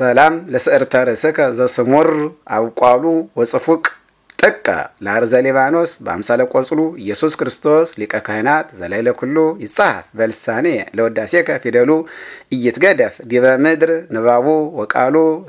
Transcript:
ሰላም ለስዕርተ ርእስከ ዘስሙር አውቋሉ ወጽፉቅ ጥቀ ለአርዘ ሊባኖስ በአምሳለ ቆጽሉ ኢየሱስ ክርስቶስ ሊቀ ካህናት ዘላይለ ኩሉ ይጻሐፍ በልሳኔ ለወዳሴከ ፊደሉ እይትገደፍ ዲበ ምድር ንባቡ ወቃሉ